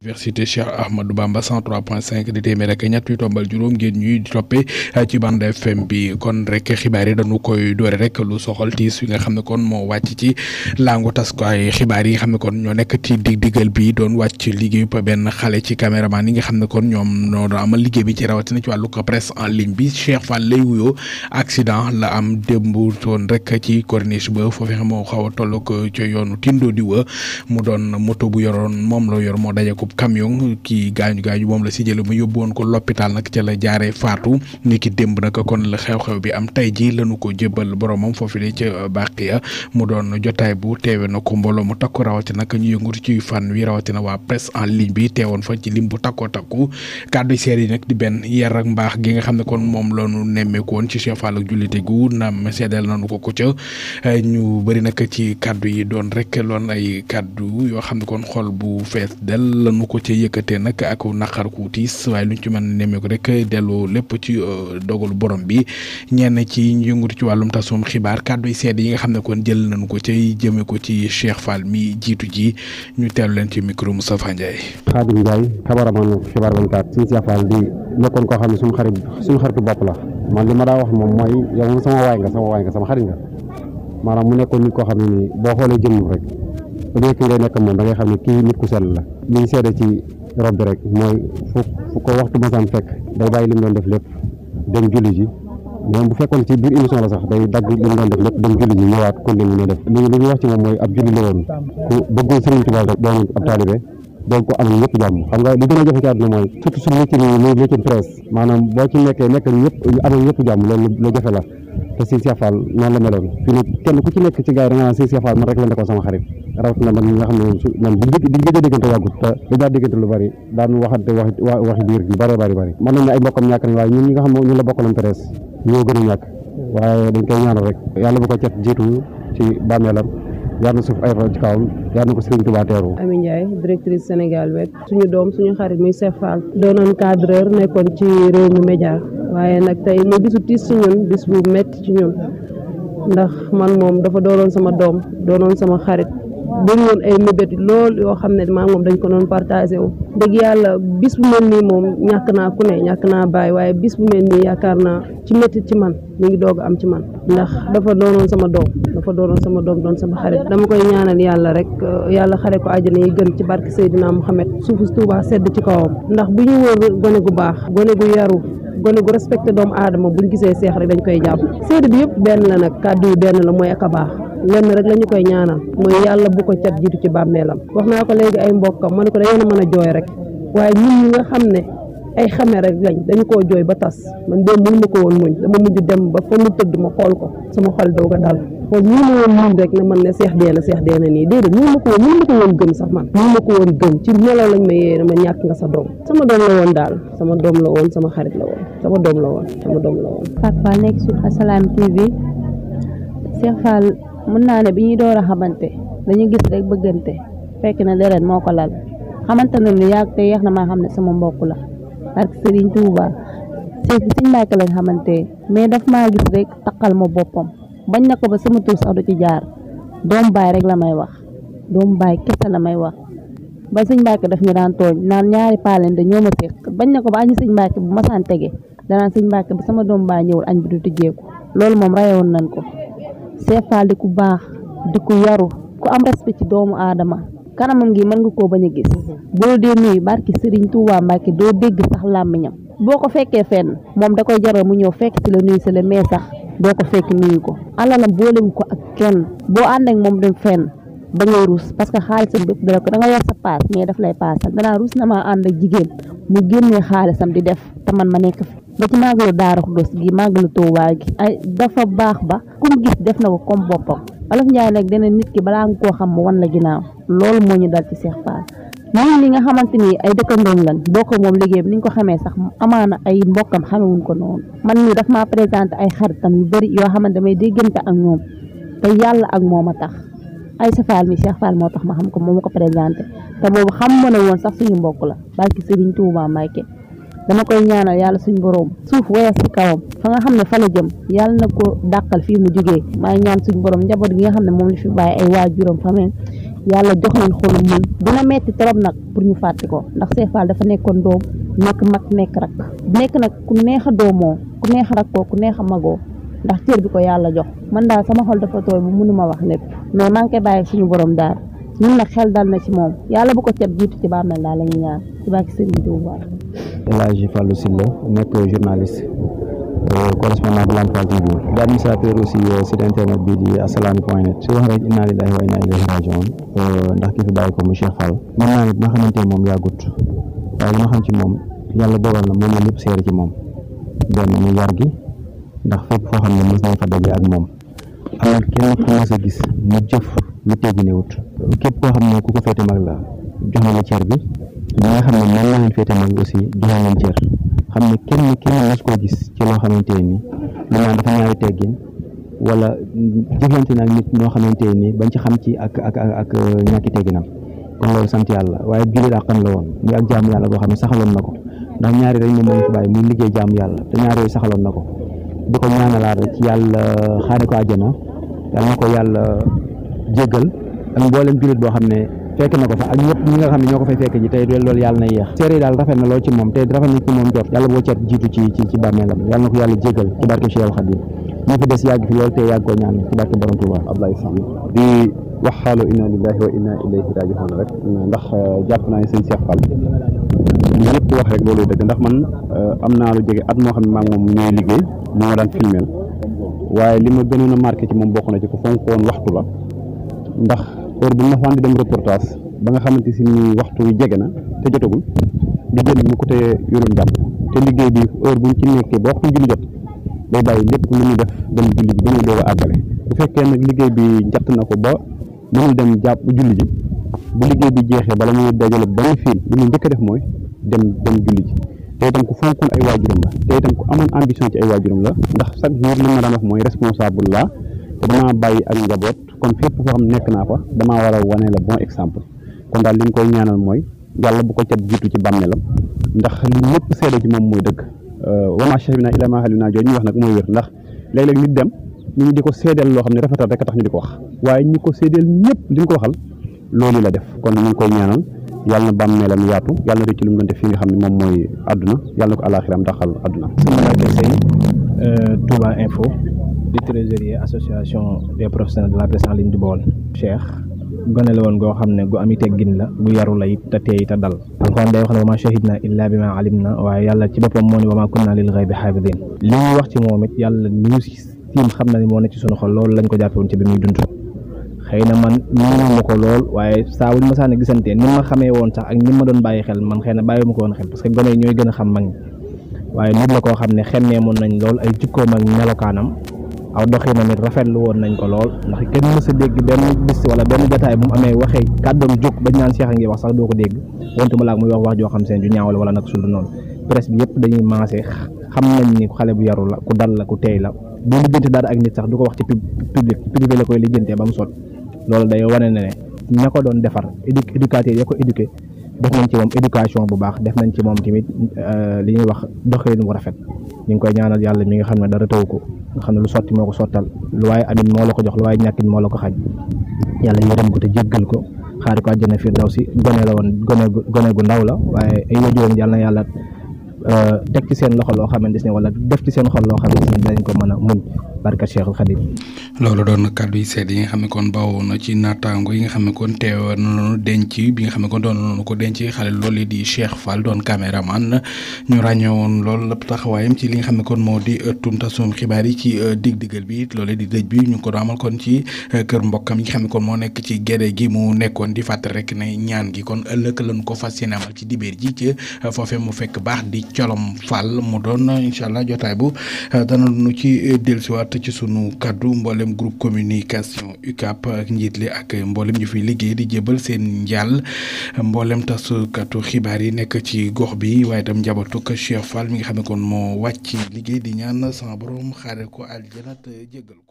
université Cheikh Ahmadou Bamba 103.5 di téeméer ak ñett yu tombal juróom ngeen ñuy toppee eh, ci bande FM bi kon rek xibaar yi dañu koy doore rek lu soxol tiis yi nga xam ne kon moo wàcc ci langu taskay xibaar yi nga xam ne kon ñoo nekk ci dig digal bi doon wàcc liggéeyu pa benn xale ci caméraman yi nga xam ne kon ñoom noo amal liggéey bi ci rawatina ci wàllu ko presse en ligne bi Cheikh Fall lay wuyoo accident la am démb woon rek ci corniche ba foofee moo xaw a toll yoonu Tindo di wa mu doon moto bu yoroon moom la yor moo daje ko ab camion kii gaañu gaañu moom la si jële mu yóbbu woon ko l'hôpital nag ca la jaare faatu ni ki démb nag kon la xew-xew bi am tey ji lañu ko jébbal boromam foofu de ca Baqiya mu doon jotaay bu teewe na ko mbooloo mu takku rawatina nag ñu yëngatu ci fànn wi rawatina waa presse en ligne bi teewoon fa ci lim bu takkoo takku kàddu seer yi nag di benn yar ak mbaax gi nga xam ne kon moom la ñu nemmeeku woon ci Cheikh Fall ak jullite gu naam seedeel nañu ko ko ca ñu bëri nag ci kàddu yi doon rek loon ay kàddu yoo xam ne kon xol bu fees nu ko ca yëkkatee nag ak naqar ku tiis waaye luñ ci mën nemmeeku rek dellu lépp ci euh, dogalu borom bi ñenn ci yëngatu ci wàllum tasum xibaar kàddu yi seede yi nga xam ne kon jël nañu ko ci jëmee ko ci Cheikh Fall mi jiitu ji ñu teelu leen ci micro Moustapha Ndiaye. Khadim Ndiaye cameraman xibaar 24 suñu Cheikh Fall di nekkoon koo xam ne suñu xarit suñu xaritu bopp la man li ma daa wax moom mooy yow moom sama waay nga sama waay nga sama xarit nga maanaam mu nekkoon bu dee kii day nekk moom da ngay xam ne kii nit ku sell la liñ seede ci rob bi rek mooy fu fu ko waxtu masaan fekk day bàyyi li doon def lépp dem julli ji même bu fekkoon ci biir émission la sax day dagg li doon def lépp dem julli ji ñëwaat kon li mu ne def li ñu wax ci moom mooy ab julli la woon ku bëggoon Sëriñ Tuubaa rek doon ab taalibe donc am ñëpp jàmm xam a jafe ci àdduna mooy surtout suñu métier muy métier presse maanaam boo ci nekkee nekk ñëpp amee ñëpp jàmm loolu jafe la te Sëñ Cheikh Fall la meloon fii nag kenn ku ci nekk ci gars yi da nga naan Sëñ man rek la nekkoon sama xarit rawat na man nga xam ne man di di gëj a déggante yàggut te dañ daa lu bëri daan waxante wax waxi biir yu bëree bëri bëri mën nañ ne ay mbokkam ñàkk nañ waaye ñun nga xam ne la bokkaloon presse ñoo gën a ñàkk waaye yal na suuf ay fa ci kawam yal ko Sëriñ Tuubaa teeru directrice Sénégal wet suñu doom suñu xarit muy Cheikh Fall doonoon cadreur nekkoon ci réew mi média waaye nag tey mu bisu tiis ci ñun bis metti ci ñun ndax man moom dafa doonoon sama doom doonoon sama xarit bëri woon ay mébét lool yoo xam ne maa moom dañ ko doon partagé wu dëgg yàlla bis bu mel nii moom ñàkk naa ku ne ñàkk naa bàyyi waaye bis bu mel nii yaakaar naa ci métti ci man mu ngi doog am ci man ndax dafa doonoon sama doom dafa doonoon sama doom doon sama xarit dama koy ñaanal yàlla rek euh, yàlla xare ko àjjana yi gën ci barke Seydina Mouhamed suufu Tuuba sedd ci kawam ndax bu ñu wër gone gu baax gone gu yaru gone gu respecté doomu aadama buñ gisee seex rek dañ koy jàpp seede bi yëpp benn nag kàddu yi benn la mooy ak a baax lenn rek lañu koy ñaanal mooy yàlla bu ko cat jiitu ci bàmmeelam wax naa ko léegi ay mbokkam ma ne ko da ngeen a mën a jooy rek waaye ñun ñi nga xam ne ay xame rek lañ dañu koo jooy ba tas man de mënu ko woon muñ dama mujj dem ba fa mu tëdd ma xool ko sama xol doog a dal kon ñu ma woon muñ rek ne man ne seex dee na seex dee na nii déedéet ñu ma ko woon ma ko woon gëm sax man ñu ma ko woon gëm ci nelaw lañ ma yee ma ñàkk nga sa doom sama doom la woon daal sama doom la woon sama xarit la woon sama doom la woon sama doom la woon Papa nekk sur Assalaamy TV Cheikh Fall mun naa ne bi ñuy door a xamante dañu gis rek bëggante fekk na deret moo ko lal xamante na lu yàgg te yeex na maa xam ne sama mbokk la ak Serigne Touba seet siñ Mbàkke lañ xamante mais daf maa gis rek taqal ma boppam bañ na ko ba sama tur sax du ci jaar doom baay rek la may wax doom baay kese la may wax ba sëñ Mbàkke daf ñu daan tooñ naan ñaari paaleen da ñoo ma séq bañ na ko ba añu sëñ Mbàkke bu masaan tege danaan sëñ Mbàkke bi sama doom baay ñëwul añ bi du tijjeeku loolu moom rayoon nañ ko Cheikh Fall di ku baax di ku yaru ku am respect ci doomu aadama kanamam gi mën nga koo bañ a gis mhm. boo dee nuyu barki Serigne Touba Mbacke doo dégg sax làmmiñam boo ko fekkee fenn moom da koy jaral mu ñëw fekk si la nuyu si la mais sax doo ko fekk nuyu ko alalam boolewu ko ak kenn boo ànd ak moom dem fenn da ngay ruus parce que xaalisam bépp dala ko da nga yor sa paas mais daf lay paasal danaa ruus na maa ànd ak jigéen mu génnee xaalisam di def te man ma nekk ba ci màggalu Daaru Xudoos gi màggalu Tuubaa gi ay dafa baax ba ku gis def na ko comme boppam olof Njaay nag dana nit ki balaa nga koo xam mu wan la ginaaw loolu moo ñu dal ci Cheikh Fall li nga xamante ni ay dëkkandoom lan bokk moom liggéeyam ni ñu ko xamee sax amaana ay mbokkam xamewuñ ko noonu man mii daf maa présenté ay xaritam yu bëri yoo xamante damay déggante ak moom te yàlla ak moom a tax Aïssa Fall mi Cheikh moo tax ma xam ko moom ma ko présenté te boobu xam ma ne woon sax suñu mbokk la barki Serigne Touba Mbacké dama koy ñaanal yàlla suñu boroom suuf woyof ci kawam fa nga xam ne fa la jëm yàlla na ko dàqal fii mu jógee maa ngi ñaan suñ boroom njaboot gi nga xam ne moom la fi bàyyi ay waajuram fameen yàlla jox leen xoolu mun dina metti nag pour ñu fàtte ko ndax Cheikh dafa nekkoon doom nekk mag nekk rak nekk nag ku neex a doomoo ku neex a rakkoo ku neex a magoo ndax cër ko yàlla jox man daal sama xol dafa tooy mu mënuma wax lépp mais maa ngi koy bàyyi suñu borom daal ñun nag xel dal na ci moom yàlla bu ko ceeb jiitu ci bàmmeel daal la ñuy ñaan ci bàkki Sëriñ Tuubaa El Hadji Fallou Sylla nekk journaliste euh, correspondant bu Lamp Fall TV di administrateur aussi euh, site internet bi di assalaamy point net su wax rek inna lillahi wa inna ilayhi rajiun euh, ndax ki fi bàyyi ko mu Cheikh Fall mën naa ne bi ma xamante moom yàggut waaye li ma xam ci moom yàlla dogal na moom la lépp seere ci moom benn mu yar gi ndax fépp foo xam ne mos nañ fa daje ak moom amul kenn ku mas a gis mu jëf lu tegginewut képp koo xam ne ku ko féete mag la jox na la cër bi ñi nga xam ne mën naa leen féete mag aussi joxe leen cër xam ne kenn kenn mos koo gis ci loo xamante ni lu naan dafa ñaawi teggin wala jëflante nag nit ñoo xamante ni bañ ci xam ci ak ak ak ñàkki tegginam kon loolu sant yàlla waaye jullit àqan la woon muy ak jaamu yàlla boo xam ne saxaloon na ko ndax ñaari rek moom moo ñu fi bàyyi muy liggéey jaamu yàlla te ñaari saxaloon na ko di ko ñaanalaat rek ci yàlla xaari ko àjjana yàlla na ko yàlla jéggal ak mboolem jullit boo xam ne fekk na ko fa ak ñëpp nga xam ne ñoo ko fay fekk ji tey loolu yàlla na yéex seere yi daal rafet na lool ci moom tey rafet na ci moom jot yàlla boo cat jiitu ci ci ci bàmmeelam yàlla na ko yàlla jégal ci barke Cheikh Khadim ñu fi des yàgg fi loolu tey rek ndax euh, jàpp ndax man euh, am naa lu jege at moo xam ne maa moom ñooy liggéey moo daan filmeel waaye li ma gënoon a marqué ci moom bokk na ci ku fonkoon waxtu la ndax heure bu ñu la di dem reportage ba nga xamante si ni waxtu wi jege na te jotagul du génn mu ko te yoroon jàpp te liggéey bi heure bu ñu ci nekkee ba waxtu julli jot day bàyyi lépp lu ñuy def dem julli ji ba bu fekkee nag liggéey bi jàpp na ko ba mënul dem jàpp julli ji bu liggéey bi jeexee bala muy dajale ba muy fiil li muy njëkk def mooy dem dem julli ji te itam ku fonkoon ay waajuram la te itam ku amoon ambition ci ay waajuram la ndax chaque jour li ma daan wax mooy responsable la damaa bàyyi ak njaboot kon fépp foo xam nekk naa fa damaa war a wane la bon exemple kon daal li ñu koy ñaanal mooy yàlla bu ko cat jiitu ci bàmmeelam ndax li ñëpp seede ci moom mooy dëgg wama shahidnaa illaa maa alimnaa jooju ñu wax nag mooy wér ndax léeg-léeg nit dem ñu ngi di ko seedeel loo xam ne rafetal rek tax ñu di ko wax waaye ñi ko seedeel ñëpp li ñu ko waxal loolu la def kon ñu ngi koy ñaanal yàlla na bàmmeelam yaatu yàlla na rëcc lu mu doon def fii nga xam ne moom mooy àdduna yàlla ko àlaaxiraam daxal àdduna. Touba Info di trésorier association des professionnels de la presse en ligne du Baol gone la woon goo xam ne gu ami teggin la gu yaru la it a teey a dal alxuraan day wax ne wa maa shahidnaa illaa bimaa alimnaa waaye yàlla ci boppam moo ne wa maa kunnaa lil ghaybi haafidiin li ñuy wax ci moom it yàlla ñu siim xam na ne moo ne ci sunu xol loolu lañ ko jàppe woon ci bi muy dund xëy na man mënoon ma ko lool waaye saa wuñ ma saan gisantee ni ma xamee woon sax ak ma doon bàyyi xel man xëy na bàyyi ko woon xel gën a xam mag ñi waaye nit la xam ne xemmee moon nañ lool ay jikkoom ak melokaanam aw doxinam it rafetlu woon nañ ko lool ndax kenn mës a dégg benn bis wala benn jotaay bu mu amee waxee kàddoom jóg bañ naan Cheikh a ngi wax sax doo ko dégg wante mu laag muy wax wax joo xam seen ju ñaawal wala nag xam nañ ni xale bu yaru la ku dal la ku teey la bu lijjante dara ak nit sax du ko wax ci public privé la ba mu sot loolu day wane ne ko doon defar éducateur ya ko éduqué def nañ ci moom éducation bu baax def nañ ci moom tamit euh, li ñuy wax doxalin bu rafet ñu ngi koy ñaanal yàlla mi ngi xam ne dara taw ko xam ne lu sotti moo ko sottal lu waaye amit moo la ko jox lu waaye ñàkkit moo la ko xañ yàlla yërëm ko te jéggal ko xaari ko àjjana fir daw si gone la woon gone gone gu ndaw la waaye ay wajuram yàlla na yàlla euh, teg ci seen loxo loo xamante ne wala def ci seen xol loo xamante ne dinañ ko mën a muñ barka Cheikhul Khadim loolu doon na kàddu yi seet yi nga xam ne kon bawoo na ci naataango yi nga xam ne kon teewa noonu denc bi nga xam ne kon doon noonu ko denc xale loolu di Cheikh Fall doon caméraman ci li nga xam ne kon moo di ëttum euh, tasum xibaar yi ci euh, dig-digal bi loolu di dëj bi ñu ko doon amal kon ci euh, kër mbokkam xam ne kon moo nekk ci géde gi mu nekkoon di fàttali rek ne ñaan gi kon ëllëg lañ ko fas yéene amal ci dibéer ji ci foofee mu fekk baax di colom Fall mu doon incha allah jotaay bu dana nu ci dellusiwaat ci sunu kàddu mboolem groupe communication UCAP ak njiit li ak mboolem ñu fi liggéey di jébal seen njàll mboolem tasukatu xibaar yi nekk ci gox bi waaye itam njabootu Cheikh Fall mi nga xam ne kon moo wàcc liggéey di ñaan sama borom xaare ko aljana te jéggal